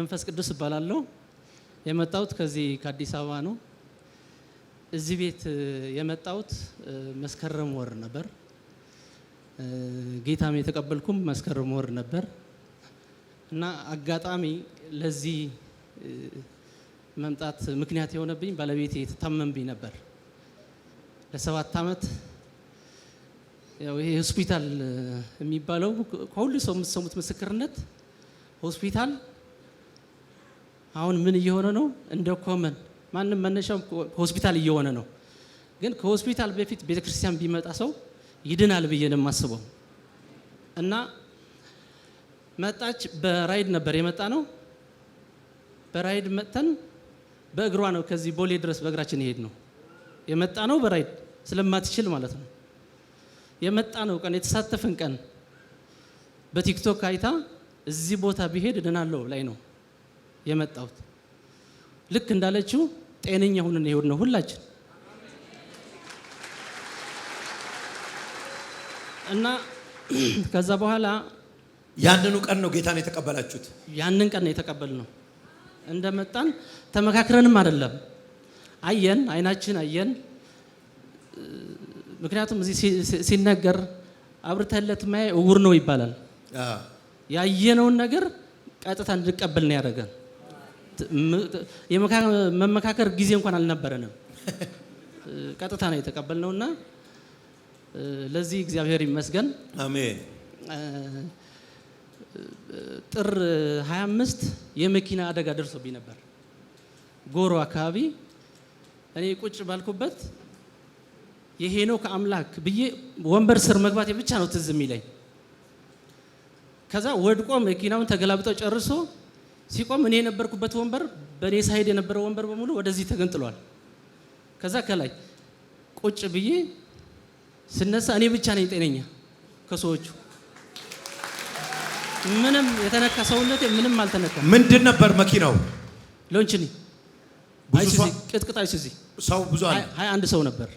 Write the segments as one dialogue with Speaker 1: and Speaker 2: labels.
Speaker 1: መንፈስ ቅዱስ እባላለሁ። የመጣሁት ከዚህ ከአዲስ አበባ ነው። እዚህ ቤት የመጣሁት መስከረም ወር ነበር። ጌታም የተቀበልኩም መስከረም ወር ነበር እና አጋጣሚ ለዚህ መምጣት ምክንያት የሆነብኝ ባለቤቴ የተታመምብኝ ነበር ለሰባት ዓመት ይሄ ሆስፒታል የሚባለው ከሁሉ ሰው የምትሰሙት ምስክርነት ሆስፒታል አሁን ምን እየሆነ ነው? እንደ ኮመን ማንም መነሻው ሆስፒታል እየሆነ ነው። ግን ከሆስፒታል በፊት ቤተክርስቲያን ቢመጣ ሰው ይድናል ብዬ ነው የማስበው። እና መጣች። በራይድ ነበር የመጣ ነው። በራይድ መጥተን በእግሯ ነው ከዚህ ቦሌ ድረስ በእግራችን ይሄድ ነው የመጣ ነው። በራይድ ስለማትችል ማለት ነው የመጣ ነው። ቀን የተሳተፍን ቀን በቲክቶክ አይታ እዚህ ቦታ ቢሄድ እድናለሁ ላይ ነው የመጣሁት። ልክ እንዳለችው ጤነኛ ሁነን ይሄድ ነው ሁላችን እና ከዛ በኋላ
Speaker 2: ያንኑ ቀን ነው ጌታን የተቀበላችሁት?
Speaker 1: ያንን ቀን ነው ነው እንደመጣን ተመካክረንም አይደለም አየን፣ አይናችን አየን። ምክንያቱም እዚህ ሲነገር አብርተለት ማየ እውር ነው ይባላል። ያየነውን ነገር ቀጥታ እንድቀበል ነው ያደረገን። የመመካከር ጊዜ እንኳን አልነበረንም። ቀጥታ ነው የተቀበልነው እና ለዚህ እግዚአብሔር ይመስገን። አሜን። ጥር 25 የመኪና አደጋ ደርሶብኝ ነበር ጎሮ አካባቢ። እኔ ቁጭ ባልኩበት የሄኖክ አምላክ ብዬ ወንበር ስር መግባት ብቻ ነው ትዝ የሚለኝ። ከዛ ወድቆ መኪናውን ተገላብጠው ጨርሶ ሲቆም እኔ የነበርኩበት ወንበር በእኔ ሳይድ የነበረው ወንበር በሙሉ ወደዚህ ተገንጥሏል። ከዛ ከላይ ቁጭ ብዬ ስነሳ እኔ ብቻ ነኝ ጤነኛ ከሰዎቹ። ምንም የተነካ ሰውነት ምንም አልተነካ።
Speaker 2: ምንድን ነበር መኪናው?
Speaker 1: ሎንችኒ ቅጥቅጣ አይሱዚ ሰው ብዙ አለ። ሀያ አንድ ሰው ነበር።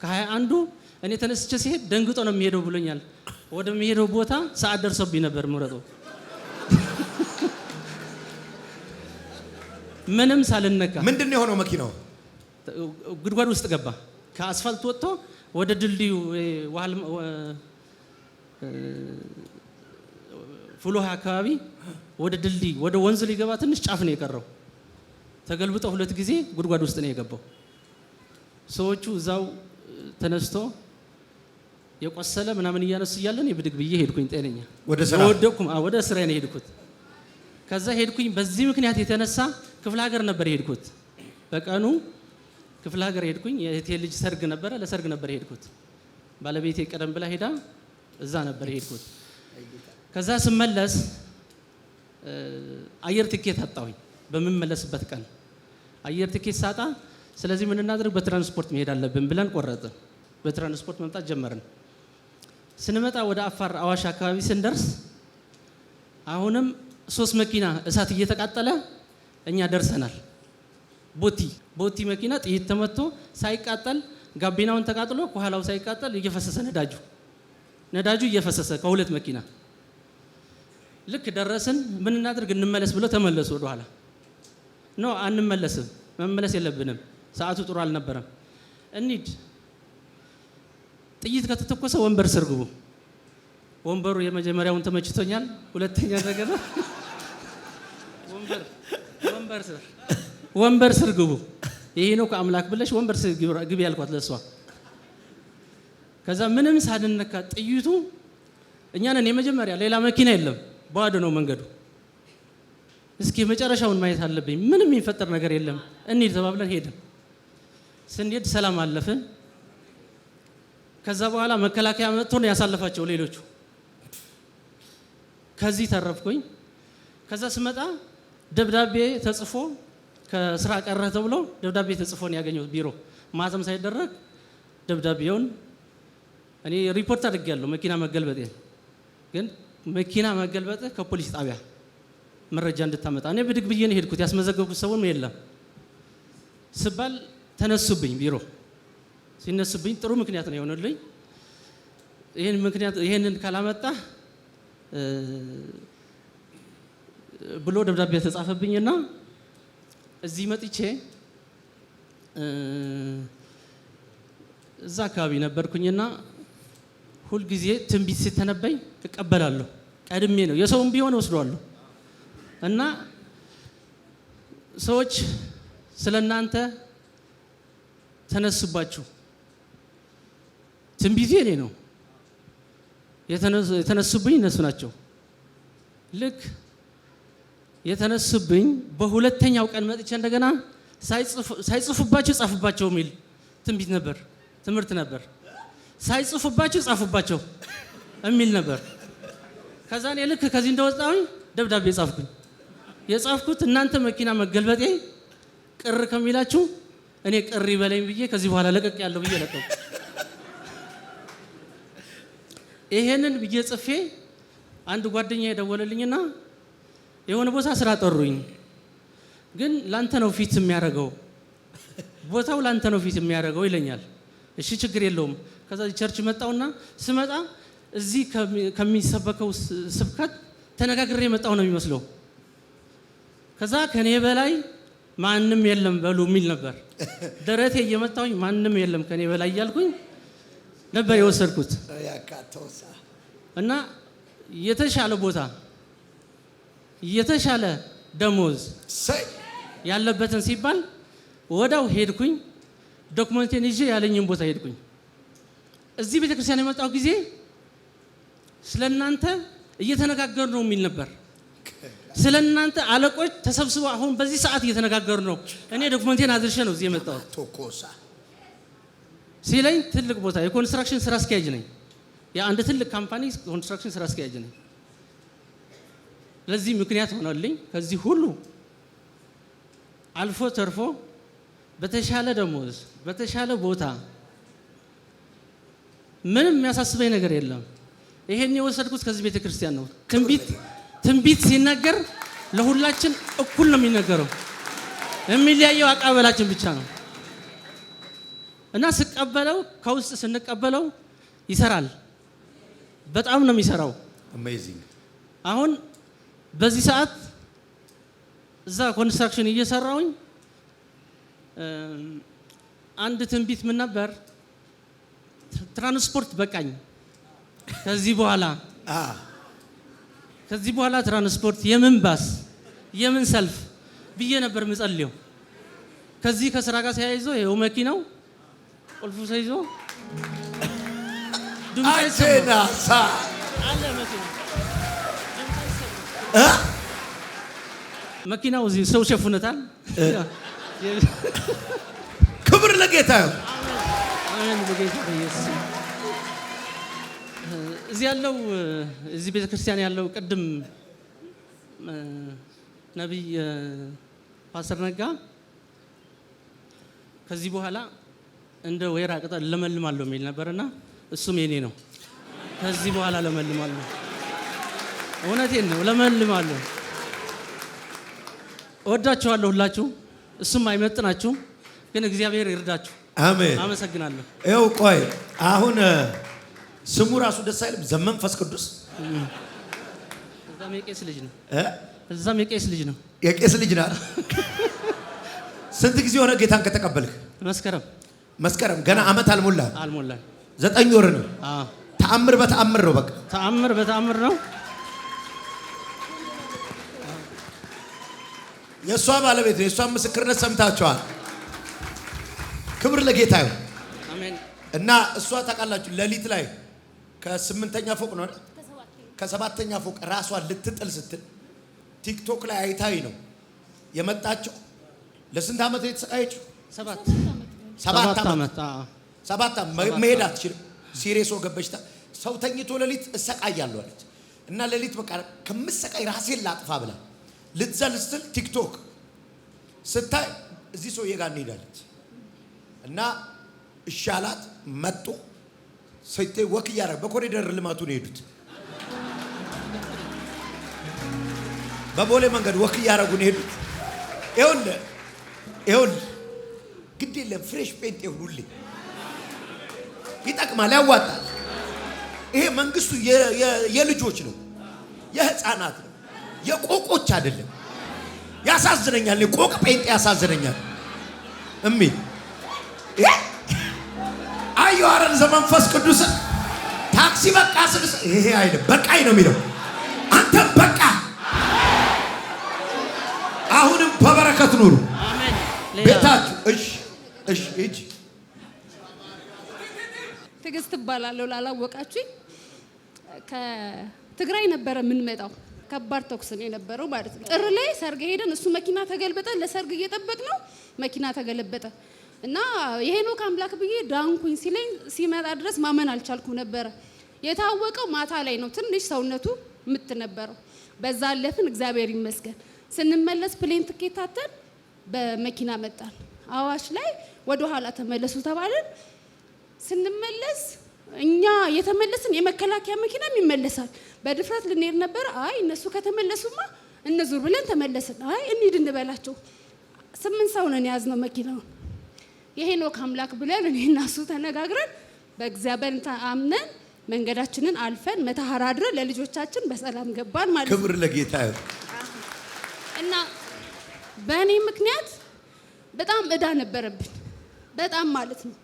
Speaker 1: ከሀያ አንዱ እኔ ተነስቼ ሲሄድ ደንግጦ ነው የሚሄደው ብሎኛል። ወደሚሄደው ቦታ ሰዓት ደርሶብኝ ነበር ምረጠው ምንም ሳልነካ
Speaker 2: ምንድን ነው የሆነው? መኪናው
Speaker 1: ጉድጓድ ውስጥ ገባ። ከአስፋልት ወጥቶ ወደ ድልድዩ ፍሎሃ አካባቢ ወደ ድልድይ ወደ ወንዝ ሊገባ ትንሽ ጫፍ ነው የቀረው። ተገልብጦ ሁለት ጊዜ ጉድጓድ ውስጥ ነው የገባው። ሰዎቹ እዛው ተነስቶ የቆሰለ ምናምን እያነሱ እያለን የብድግ ብዬ ሄድኩኝ። ጤነኛ ወደ ስራ ወደ ስራ ነው ሄድኩት። ከዛ ሄድኩኝ። በዚህ ምክንያት የተነሳ ክፍለ ሀገር ነበር የሄድኩት። በቀኑ ክፍለ ሀገር ሄድኩኝ። የእህቴ ልጅ ሰርግ ነበረ። ለሰርግ ነበር የሄድኩት። ባለቤቴ ቀደም ብላ ሄዳ እዛ ነበር የሄድኩት። ከዛ ስመለስ አየር ትኬት አጣሁኝ። በምመለስበት ቀን አየር ትኬት ሳጣ፣ ስለዚህ ምንናደርግ በትራንስፖርት መሄድ አለብን ብለን ቆረጥን። በትራንስፖርት መምጣት ጀመርን። ስንመጣ ወደ አፋር አዋሽ አካባቢ ስንደርስ አሁንም ሶስት መኪና እሳት እየተቃጠለ እኛ ደርሰናል። ቦቲ ቦቲ መኪና ጥይት ተመቶ ሳይቃጠል ጋቢናውን ተቃጥሎ ከኋላው ሳይቃጠል እየፈሰሰ ነዳጁ ነዳጁ እየፈሰሰ ከሁለት መኪና ልክ ደረስን። ምን እናድርግ እንመለስ ብሎ ተመለሱ ወደኋላ። ኖ አንመለስም፣ መመለስ የለብንም ሰዓቱ ጥሩ አልነበረም። እንሂድ። ጥይት ከተተኮሰ ወንበር ስር ግቡ። ወንበሩ የመጀመሪያውን ተመችቶኛል፣ ሁለተኛ ነገር ወንበር ወንበር ስር ግቡ፣ ይሄ ነው ከአምላክ ብለሽ ወንበር ስር ግቢ ያልኳት ለሷ። ከዛ ምንም ሳንነካ ጥይቱ እኛንን የመጀመሪያ ሌላ መኪና የለም፣ ባዶ ነው መንገዱ። እስኪ መጨረሻውን ማየት አለብኝ፣ ምንም የሚፈጠር ነገር የለም፣ እንሂድ ተባብለን ሄድን። ስንሄድ ሰላም አለፍን። ከዛ በኋላ መከላከያ መጥቶ ነው ያሳለፋቸው ሌሎቹ። ከዚህ ተረፍኩኝ። ከዛ ስመጣ ደብዳቤ ተጽፎ ከስራ ቀረህ ተብሎ ደብዳቤ ተጽፎ ነው ያገኘሁት። ቢሮ ማዘም ሳይደረግ ደብዳቤውን እኔ ሪፖርት አድርጌያለሁ። መኪና መገልበጤ ግን መኪና መገልበጥ ከፖሊስ ጣቢያ መረጃ እንድታመጣ እኔ ብድግ ብዬ ነው ሄድኩት። ያስመዘገብኩት ሰውም የለም ስባል ተነሱብኝ። ቢሮ ሲነሱብኝ ጥሩ ምክንያት ነው የሆነልኝ። ይህን ምክንያት ይህንን ካላመጣ ብሎ ደብዳቤ ተጻፈብኝና እዚህ መጥቼ እዛ አካባቢ ነበርኩኝና ሁልጊዜ ትንቢት ሲተነበኝ እቀበላለሁ። ቀድሜ ነው የሰውም ቢሆን ወስዷለሁ እና ሰዎች ስለ እናንተ ተነሱባችሁ። ትንቢት እኔ ነው። የተነሱብኝ እነሱ ናቸው። ልክ የተነሱብኝ በሁለተኛው ቀን መጥቼ እንደገና ሳይጽፉባቸው ጻፉባቸው የሚል ትንቢት ነበር፣ ትምህርት ነበር። ሳይጽፉባቸው ጻፉባቸው የሚል ነበር። ከዛ እኔ ልክ ከዚህ እንደወጣሁኝ ደብዳቤ ጻፍኩኝ። የጻፍኩት እናንተ መኪና መገልበጤ ቅር ከሚላችሁ እኔ ቅር ይበለኝ ብዬ ከዚህ በኋላ ለቀቅ ያለው ብዬ ለቀቁ። ይሄንን ብዬ ጽፌ አንድ ጓደኛ የደወለልኝና የሆነ ቦታ ስራ ጠሩኝ፣ ግን ላንተ ነው ፊት የሚያደርገው ቦታው ላንተ ነው ፊት የሚያደርገው ይለኛል። እሺ ችግር የለውም። ከዛ ቸርች መጣውና ስመጣ እዚህ ከሚሰበከው ስብከት ተነጋግሬ መጣው ነው የሚመስለው። ከዛ ከኔ በላይ ማንም የለም በሉ የሚል ነበር። ደረቴ እየመጣውኝ ማንም የለም ከኔ በላይ እያልኩኝ ነበር የወሰድኩት እና የተሻለ ቦታ የተሻለ ደሞዝ ያለበትን ሲባል ወዳው ሄድኩኝ። ዶክመንቴን ይዤ ያለኝን ቦታ ሄድኩኝ። እዚህ ቤተክርስቲያን የመጣው ጊዜ ስለ እናንተ እየተነጋገር ነው የሚል ነበር። ስለ እናንተ አለቆች ተሰብስበው አሁን በዚህ ሰዓት እየተነጋገሩ ነው። እኔ ዶክመንቴን አድርሼ ነው እዚህ የመጣሁት ሲለኝ፣ ትልቅ ቦታ የኮንስትራክሽን ስራ አስኪያጅ ነኝ። የአንድ ትልቅ ካምፓኒ ኮንስትራክሽን ስራ አስኪያጅ ነኝ። ለዚህ ምክንያት ሆነልኝ። ከዚህ ሁሉ አልፎ ተርፎ በተሻለ ደሞዝ በተሻለ ቦታ ምንም የሚያሳስበኝ ነገር የለም። ይሄን የወሰድኩት ከዚህ ቤተ ክርስቲያን ነው። ትንቢት ትንቢት ሲናገር ለሁላችን እኩል ነው የሚነገረው። የሚለያየው አቀባበላችን ብቻ ነው እና ስቀበለው ከውስጥ ስንቀበለው ይሰራል። በጣም ነው የሚሰራው። አሁን በዚህ ሰዓት እዛ ኮንስትራክሽን እየሰራውኝ አንድ ትንቢት ምን ነበር? ትራንስፖርት በቃኝ፣ ከዚህ በኋላ ከዚህ በኋላ ትራንስፖርት የምን ባስ የምን ሰልፍ ብዬ ነበር ምጸልየው። ከዚህ ከስራ ጋር ተያይዞ ይኸው መኪናው ቁልፉ ተይዞ
Speaker 2: ድምፅ አለ መኪና
Speaker 1: መኪናው እዚህ ሰው ሸፍነታል።
Speaker 2: ክብር ለጌታ።
Speaker 1: እዚህ ያለው እዚህ ቤተ ክርስቲያን ያለው ቅድም ነቢይ ፓስተር ነጋ ከዚህ በኋላ እንደ ወይራ ቅጠል ለመልማለሁ የሚል ነበርና እሱም የኔ ነው። ከዚህ በኋላ ለመልማለሁ እውነቴን ነው። ለመልማለሁ። እወዳችኋለሁ ሁላችሁ። እሱም አይመጥናችሁም፣ ግን እግዚአብሔር ይርዳችሁ። አሜን። አመሰግናለሁ።
Speaker 2: ይኸው ቆይ አሁን ስሙ ራሱ ደስ አይልም። ዘመንፈስ ቅዱስ
Speaker 1: እዛም የቄስ ልጅ ነው። እዛም የቄስ ልጅ ነው።
Speaker 2: የቄስ ልጅ ስንት ጊዜ ሆነ ጌታን ከተቀበልክ? መስከረም መስከረም ገና አመት አልሞላ አልሞላ ዘጠኝ ወር ነው። ተአምር በተአምር ነው። በቃ
Speaker 1: ተአምር በተአምር ነው።
Speaker 2: የእሷ ባለቤት ነው። የእሷን ምስክርነት ሰምታችኋል። ክብር ለጌታ ይሁን እና እሷ ታውቃላችሁ፣ ሌሊት ላይ ከስምንተኛ ፎቅ ነው ከሰባተኛ ፎቅ ራሷን ልትጥል ስትል ቲክቶክ ላይ አይታይ ነው የመጣችው። ለስንት ዓመት የተሰቃየችው? ሰባት ዓመት ሰባት መሄድ አትችልም። ሲሬስ ወገብ ሰው ተኝቶ ሌሊት እሰቃያለሁ አለች እና ሌሊት በቃ ከምሰቃይ ራሴን ላጥፋ ብላል ልትዘል ስትል ቲክቶክ ስታይ እዚህ ሰውዬ ጋር እንሄዳለች እና እሻላት መጡ። ሰይቴ ወክ እያደረገ በኮሪደር ልማቱ ነው በቦሌ መንገድ ወክ እያደረጉ ነው የሄዱት። ይኸውልህ ግድ የለም ፍሬሽ ጴንጤ ሁኑልኝ። ይጠቅማል፣ ያዋጣል። ይሄ መንግስቱ የልጆች ነው፣ የህፃናት ነው። የቆቆች አይደለም። ያሳዝነኛል። ቆቅ ጴንጤ ያሳዝነኛል። እሚ አየሁ አረን ዘመንፈስ ቅዱስ ታክሲ በቃ ስልስ ይሄ አይደለም በቃኝ ነው የሚለው። አንተም በቃ አሁንም በበረከት ኑሩ። ቤታችሁ እሺ፣ እሺ፣ እጅ
Speaker 3: ትዕግስት እባላለሁ ላላወቃችሁኝ ከትግራይ ነበረ የምንመጣው ከባድ ተኩስ ነው የነበረው ማለት ነው። ጥር ላይ ሰርግ ሄደን እሱ መኪና ተገልበጠ። ለሰርግ እየጠበቅ ነው መኪና ተገለበጠ እና የሄኖክ አምላክ ብዬ ዳንኩኝ ሲለኝ ሲመጣ ድረስ ማመን አልቻልኩ ነበረ። የታወቀው ማታ ላይ ነው ትንሽ ሰውነቱ ምት ነበረው። በዛ አለፍን እግዚአብሔር ይመስገን። ስንመለስ ፕሌን ትኬት በመኪና መጣን። አዋሽ ላይ ወደ ኋላ ተመለሱ ተባለን ስንመለስ እኛ የተመለስን የመከላከያ መኪናም ይመለሳል። በድፍረት ልንሄድ ነበር። አይ እነሱ ከተመለሱማ እነዙር ብለን ተመለስን። አይ እንሂድ እንበላቸው። ስምንት ሰው ነን የያዝነው መኪናው የሄኖክ አምላክ ብለን እኔ እናሱ ተነጋግረን በእግዚአብሔር አምነን መንገዳችንን አልፈን መተሃራ አድረን ለልጆቻችን በሰላም ገባን
Speaker 2: ማለት ነው። ክብር ለጌታ
Speaker 3: እና በእኔ ምክንያት በጣም እዳ ነበረብን፣ በጣም ማለት ነው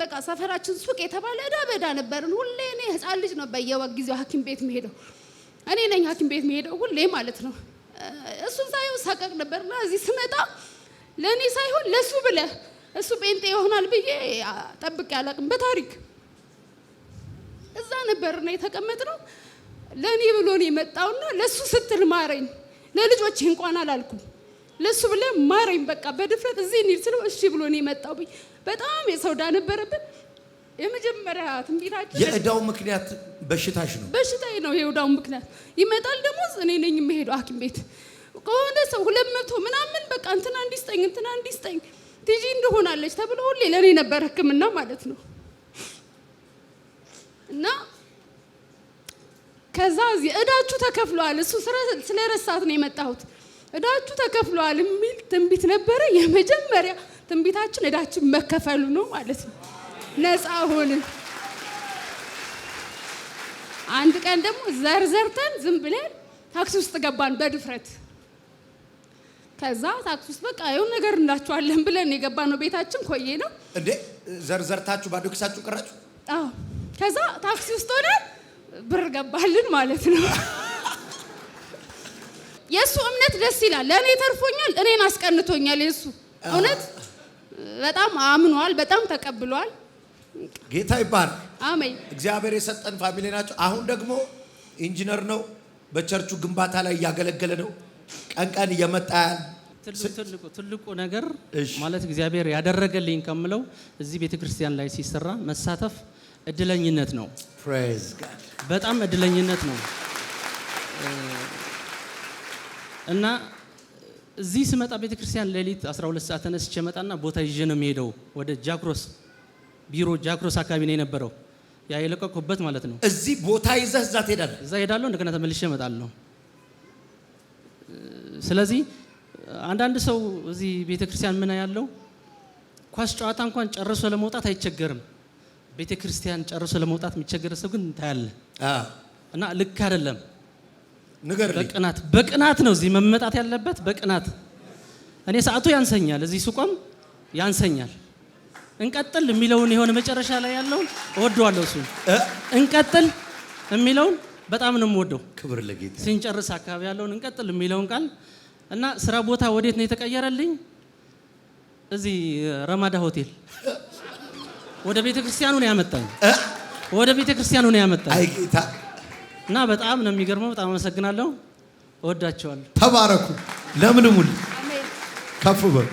Speaker 3: በቃ ሰፈራችን ሱቅ የተባለ እዳ በዳ ነበርን። ሁሌ እኔ ህፃን ልጅ ነው በየወቅ ጊዜው ሐኪም ቤት መሄደው እኔ ነኝ ሐኪም ቤት መሄደው ሁሌ ማለት ነው። እሱን ሳየው ሳቀቅ ነበርና እዚህ ስመጣ ለእኔ ሳይሆን ለእሱ ብለ እሱ ጴንጤ ይሆናል ብዬ ጠብቄ አላቅም። በታሪክ እዛ ነበርና ነው ለእኔ ብሎ ነው የመጣውና ለእሱ ስትል ማረኝ፣ ለልጆች እንኳን አላልኩም ለሱ ብለ ማረኝ በቃ በድፍረት እዚህ እንሂድ ስለው እሺ ብሎ ነው የመጣው። በጣም የሰው ዕዳ ነበረብን። የመጀመሪያ ትንቢታችን
Speaker 2: የዕዳው ምክንያት በሽታሽ ነው፣
Speaker 3: በሽታዬ ነው የዕዳው ምክንያት። ይመጣል ደግሞ እኔ ነኝ የምሄደው ሐኪም ቤት ከሆነ ሰው ሁለት መቶ ምናምን በቃ እንትና እንዲስጠኝ እንትና እንዲስጠኝ ቲጂ እንደሆናለች ተብሎ ሁሌ ለእኔ ነበር ሕክምና ማለት ነው እና ከዛ እዚህ ዕዳችሁ ተከፍሏል እሱ ስለረሳት ነው የመጣሁት እዳችሁ ተከፍሏል የሚል ትንቢት ነበረ። የመጀመሪያ ትንቢታችን እዳችን መከፈሉ ነው ማለት ነው። ነፃ ሆንን። አንድ ቀን ደግሞ ዘርዘርተን ዝም ብለን ታክሲ ውስጥ ገባን በድፍረት። ከዛ ታክሲ ውስጥ በቃ የሆነ ነገር እንዳችኋለን ብለን የገባ ነው። ቤታችን ኮዬ ነው
Speaker 2: እንዴ? ዘርዘርታችሁ ባዶ ኪሳችሁ ቀራችሁ።
Speaker 3: ከዛ ታክሲ ውስጥ ሆነ ብር ገባልን ማለት ነው። የእሱ እምነት ደስ ይላል። ለእኔ ተርፎኛል፣ እኔን አስቀንቶኛል። የእሱ እውነት በጣም አምኗል፣ በጣም ተቀብሏል። ጌታ ይባል። አሜን።
Speaker 2: እግዚአብሔር የሰጠን ፋሚሊ ናቸው። አሁን ደግሞ ኢንጂነር ነው፣ በቸርቹ ግንባታ ላይ እያገለገለ ነው። ቀን ቀን እየመጣ ያል
Speaker 1: ትልቁ ነገር ማለት እግዚአብሔር ያደረገልኝ ከምለው እዚህ ቤተ ክርስቲያን ላይ ሲሰራ መሳተፍ እድለኝነት ነው። በጣም እድለኝነት ነው። እና እዚህ ስመጣ ቤተክርስቲያን ሌሊት 12 ሰዓት ተነስቼ መጣና ቦታ ይዤ ነው የሚሄደው ወደ ጃክሮስ ቢሮ ጃክሮስ አካባቢ ነው የነበረው ያ የለቀኩበት ማለት ነው።
Speaker 2: እዚህ ቦታ ይዘህ እዛ ትሄዳለህ?
Speaker 1: እዛ ሄዳለሁ፣ እንደገና ተመልሼ እመጣለሁ። ስለዚህ አንዳንድ ሰው እዚህ ቤተክርስቲያን ምን ያለው ኳስ ጨዋታ እንኳን ጨርሶ ለመውጣት አይቸገርም። ቤተክርስቲያን ጨርሶ ለመውጣት የሚቸገረ ሰው ግን ታያለህ እና ልክ አይደለም። ንገር በቅናት በቅናት ነው እዚህ መመጣት ያለበት በቅናት እኔ ሰዓቱ ያንሰኛል እዚህ ስቆም ያንሰኛል እንቀጥል የሚለውን የሆነ መጨረሻ ላይ ያለውን እወደዋለሁ እሱ እንቀጥል የሚለውን በጣም ነው የምወደው ክብር ለጌታ ሲንጨርስ አካባቢ ያለውን እንቀጥል የሚለውን ቃል እና ስራ ቦታ ወዴት ነው የተቀየረልኝ እዚህ ረማዳ ሆቴል ወደ ቤተ ክርስቲያኑ ነው ያመጣኝ ወደ ቤተ ክርስቲያኑ ነው ያመጣኝ እና በጣም ነው የሚገርመው። በጣም አመሰግናለሁ። እወዳቸዋለሁ።
Speaker 2: ተባረኩ። ለምልሙል ከፍ በሉ።